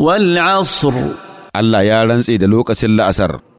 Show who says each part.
Speaker 1: والعصر الله يا رنسي دلوك سلا أسر